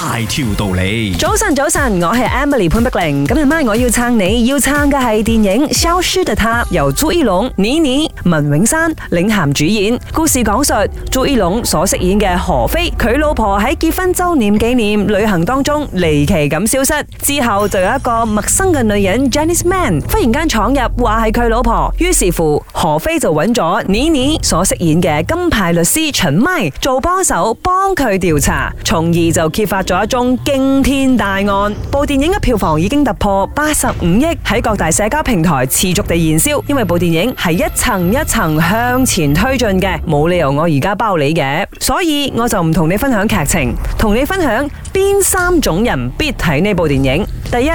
大條道理。早晨，早晨，我係 Emily 潘碧玲。今日晚我要撐你，要撐嘅係電影《消失的她》，由朱一龍、倪妮、文詠珊領銜主演。故事講述朱一龍所飾演嘅何非，佢老婆喺結婚周年紀念旅行當中離奇咁消失，之後就有一個陌生嘅女人 Jenny Man 忽然間闖入，話係佢老婆。於是乎，何非就揾咗 Nini 所飾演嘅金牌律師秦麥做幫手，幫佢調查，從而就揭發。仲有一宗驚天大案，部電影嘅票房已經突破八十五億，喺各大社交平台持續地燃燒。因為部電影係一層一層向前推進嘅，冇理由我而家包你嘅，所以我就唔同你分享劇情，同你分享邊三種人必睇呢部電影。第一，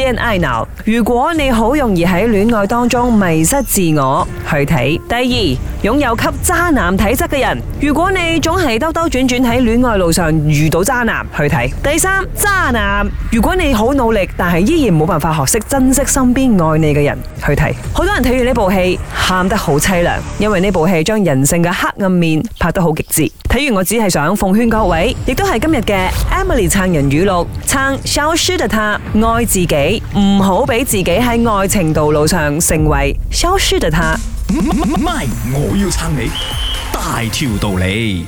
戀愛腦，如果你好容易喺戀愛當中迷失自我去睇；第二，擁有吸渣男體質嘅人，如果你總係兜兜轉轉喺戀愛路上遇到渣男去睇。第三，渣男，如果你好努力，但係依然冇辦法學識珍惜身邊愛你嘅人，去睇。好多人睇完呢部戲，喊得好淒涼，因為呢部戲將人性嘅黑暗面拍得好極致。睇完我只係想奉勸各位，亦都係今日嘅 Emily 撐人語錄，撐消失的她愛自己，唔好俾自己喺愛情道路上成為消失的她。唔係，我要撐你，大條道理。